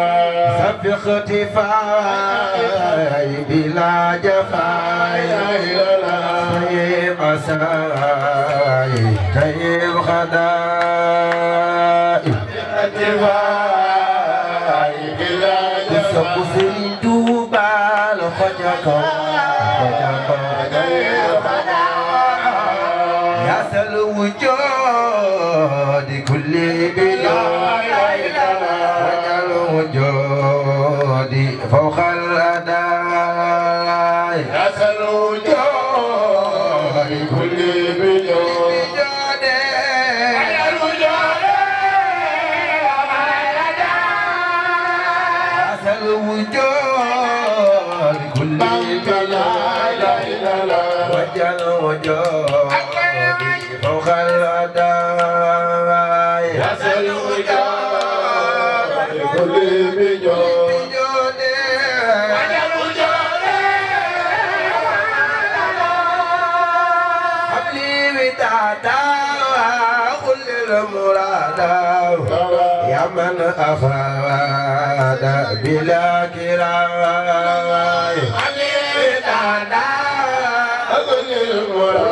سبق اختفاي بلا جفاي طيب مساي طيب غداي فوق الأداء يسأل جاه كل بجاه وجل وجاه فوق الأداء يسأل وجاه كل بجاه أفاد بلا كراي أمير دادا أبن المراد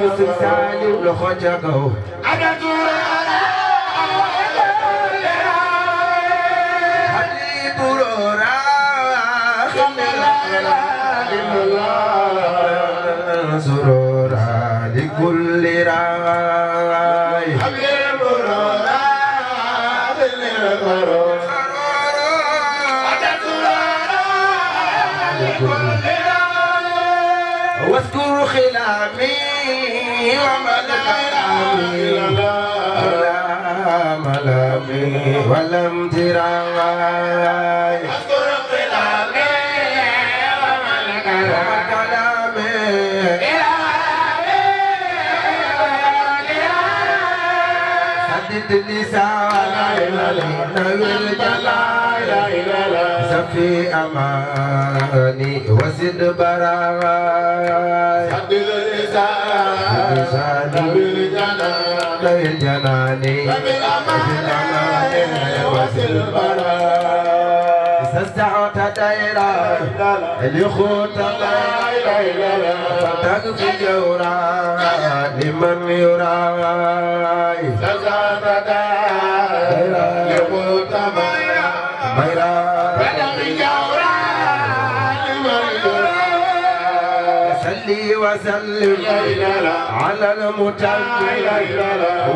Sëriñ Saaliw loxo ca kaw سرورا لكل راغب ولم تراي اذكر قلامي ومن كلامي سدد النساء لا اله الا الله سفي اماني وسد براي لساني للجناني وبالأمانة وسلبنا استسعت ديرا لخوت ديرا فتقفي جورا لمن يرى استسعت وسلم على المتعلل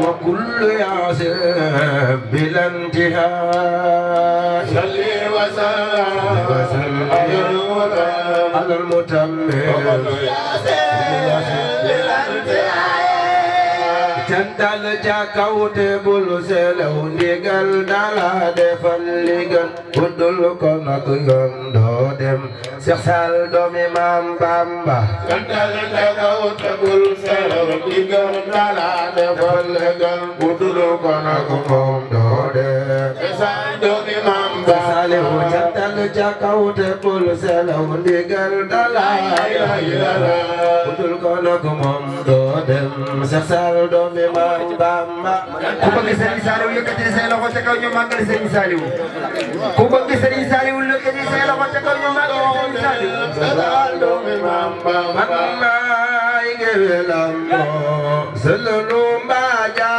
وكل ياسر بلا انتهاء صل وسلم وسلم على المتمم وكل ياسر بلا انتهاء santal ca kawte bul selew ndigal dala defal li gën budul ko mag yoon doo dem Seex doomi Maam ca kawte bul selew ndigal dala defal li gën budul ko mag doomi Maam abdul kono gu moom doo dem Cheikh Saliou doomi maam Bamba ku bëgg Serigne Saliou yëkkati say loxo ca kaw ñu màggal Serigne Saliou ku bëgg Serigne Saliou yëkkati say loxo ca kaw ñu màggal Serigne Saliou Cheikh Saliou doomi maam Bamba maay ngewelam mo sëllu mbaaja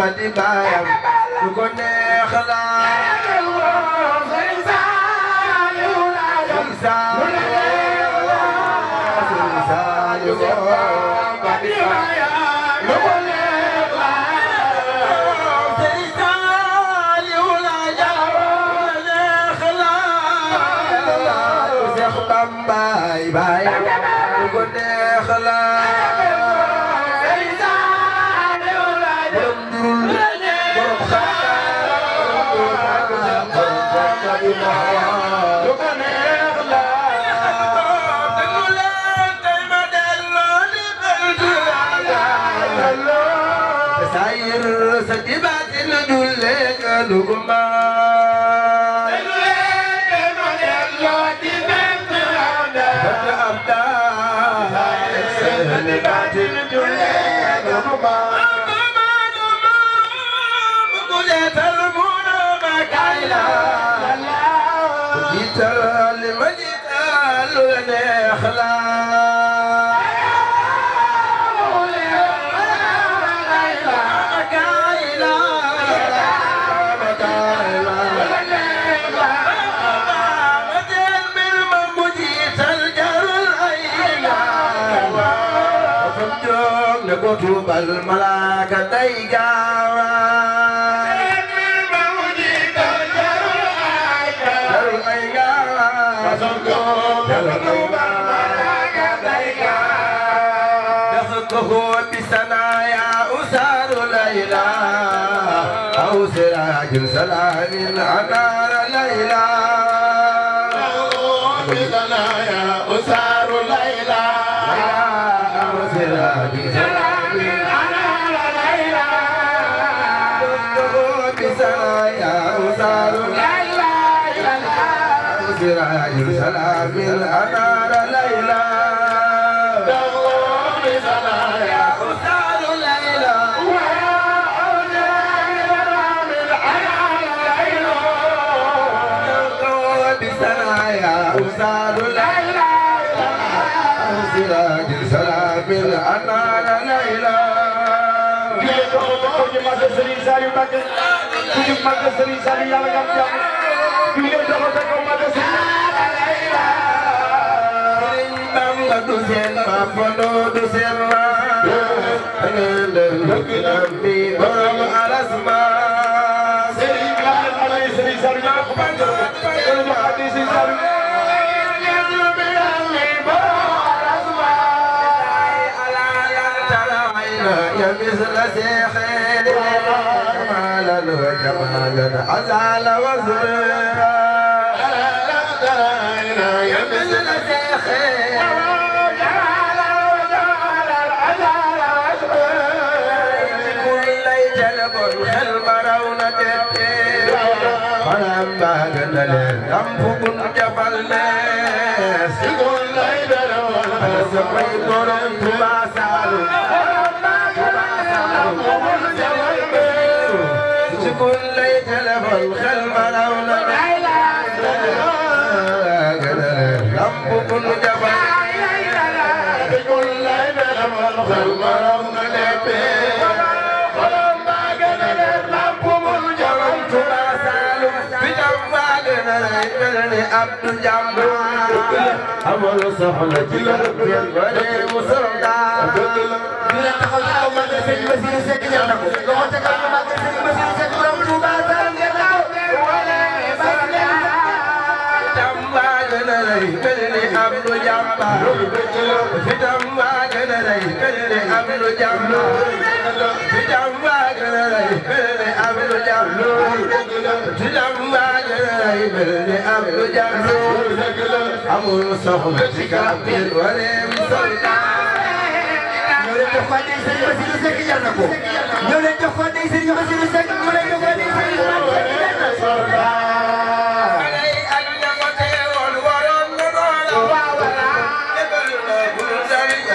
Bye bye. ساير ستبات ندولك لقمان ندولك من الله تبات عبدا فتأبدا ساير ستبات ندولك لقمان كتب الملاك ديجاوا دهقه بسنايا أسار ليلى أو سراج سلام أنار ليلى ko ci màgg Serigne Saliou Mbacké ku ci màgg Serigne Saliou yàlla nga am jàmm ku leen doxo te ko màgg Serigne Bamba du seen bambandoo du seen يا مثل سيخي جمالا وكمالا أزعل وزويرا يمزل شيخي جمالا وجمالا أزعل وزويرا كل جلب المرونة فلما قتل أنفق جبل ناس كل ليلة سبيت رمت ما سعى كليت له الخلق لولا لم كن جبل بكل لهم الخلق لولا عبد الجبار أول صحنة جلب ينبري وسردا بلا تخلق ما تسيب مسيرك يا نبو لو تكلم ما تسيب مسيرك këlëli am lu jàmbaar fitam waa gën a rey këlëli am lu jàmbaar fitam waa gën a rey këlëli am lu jàmbaar fitam waa gën a rey këlëli am lu jàmbaar amul soxna ci kàmpil wareem soldaar ñoo leen jox ko day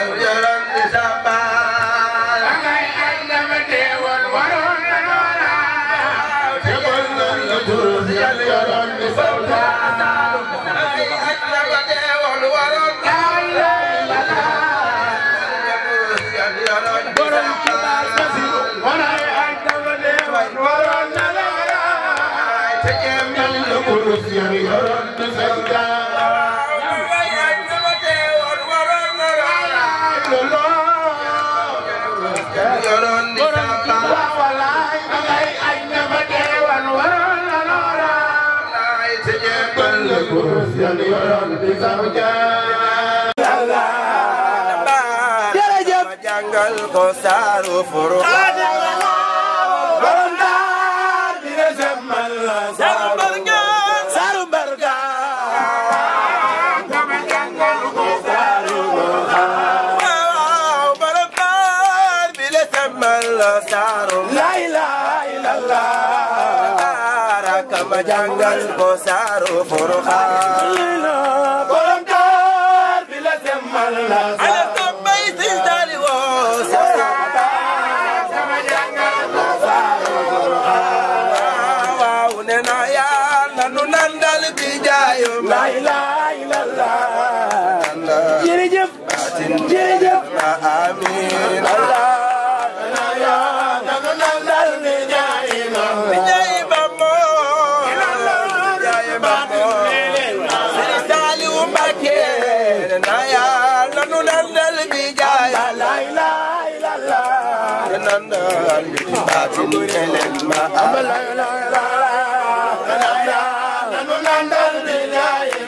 وجرا لسبا jàngal ko saaru furu jàngal ko saaru Furqaan borom taar bi la semmal la ala tabbay si dali wo sama jàngal ko saaru Furqaan waaw ne na yaa na nu nandal bi jaayu la ilaha illallah jërëjëf jërëjëf amiin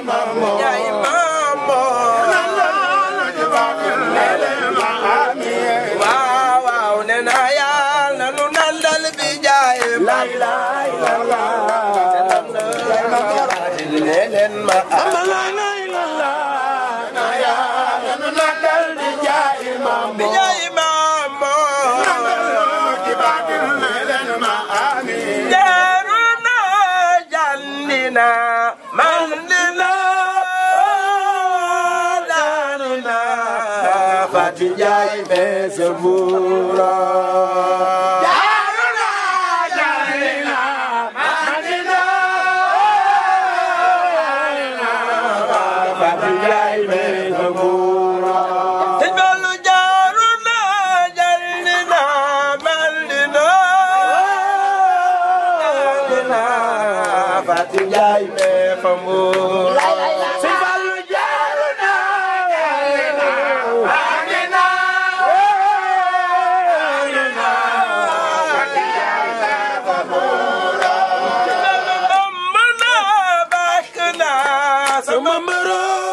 Mama Fati Njaay Mese Fuura Fatou Ndiaye mais fa Mbour. Sëñ Fallu jaaru naa. Andi naa. Mën naa bàkk naa sama mëroo.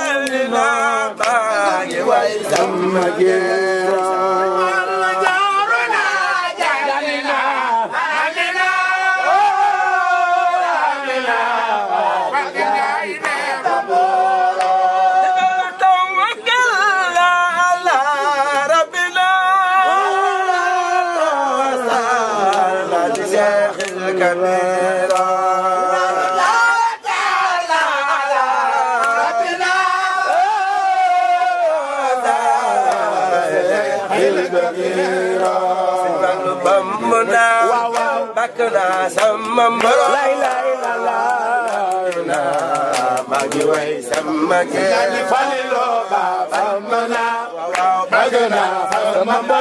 Andi naa baa ngi way sama na sama mboro lay way sama gerte. yaa ngi fali loo ba ba ma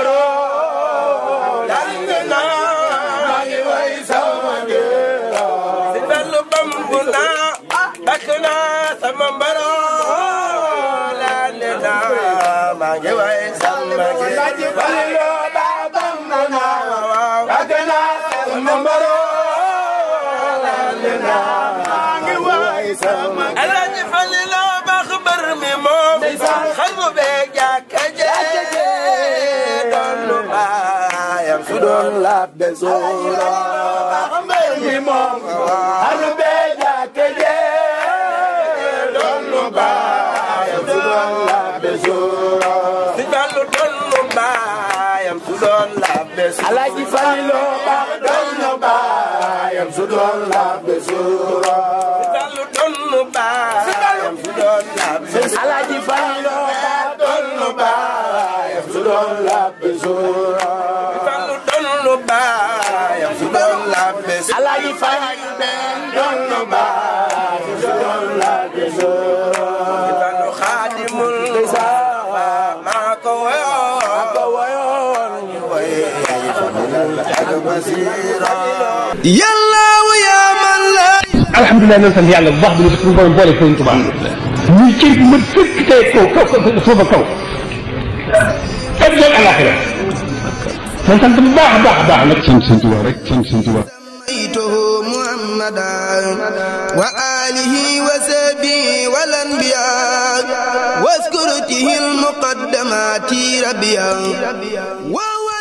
doon laat de soora mbër mi moom xaru bee jàkk jee doon lu baayam su doon laat de soora si ballu doon lu baayam su doon laat de soora alaaji Faliloo ينسد الله بسورة يلا ويا من لا الحمد لله نلتم هي على الظهر اللي بتروبا من بولي كوين طبعا نيكي مدفك كيكو كو كو كو كو كو كبزل الاخرة نلتم باح باح باح نكتم سنتوا ركتم سنتوا سميته محمد وآله وسبي والانبياء واسكرته المقدمات ربيا ربيا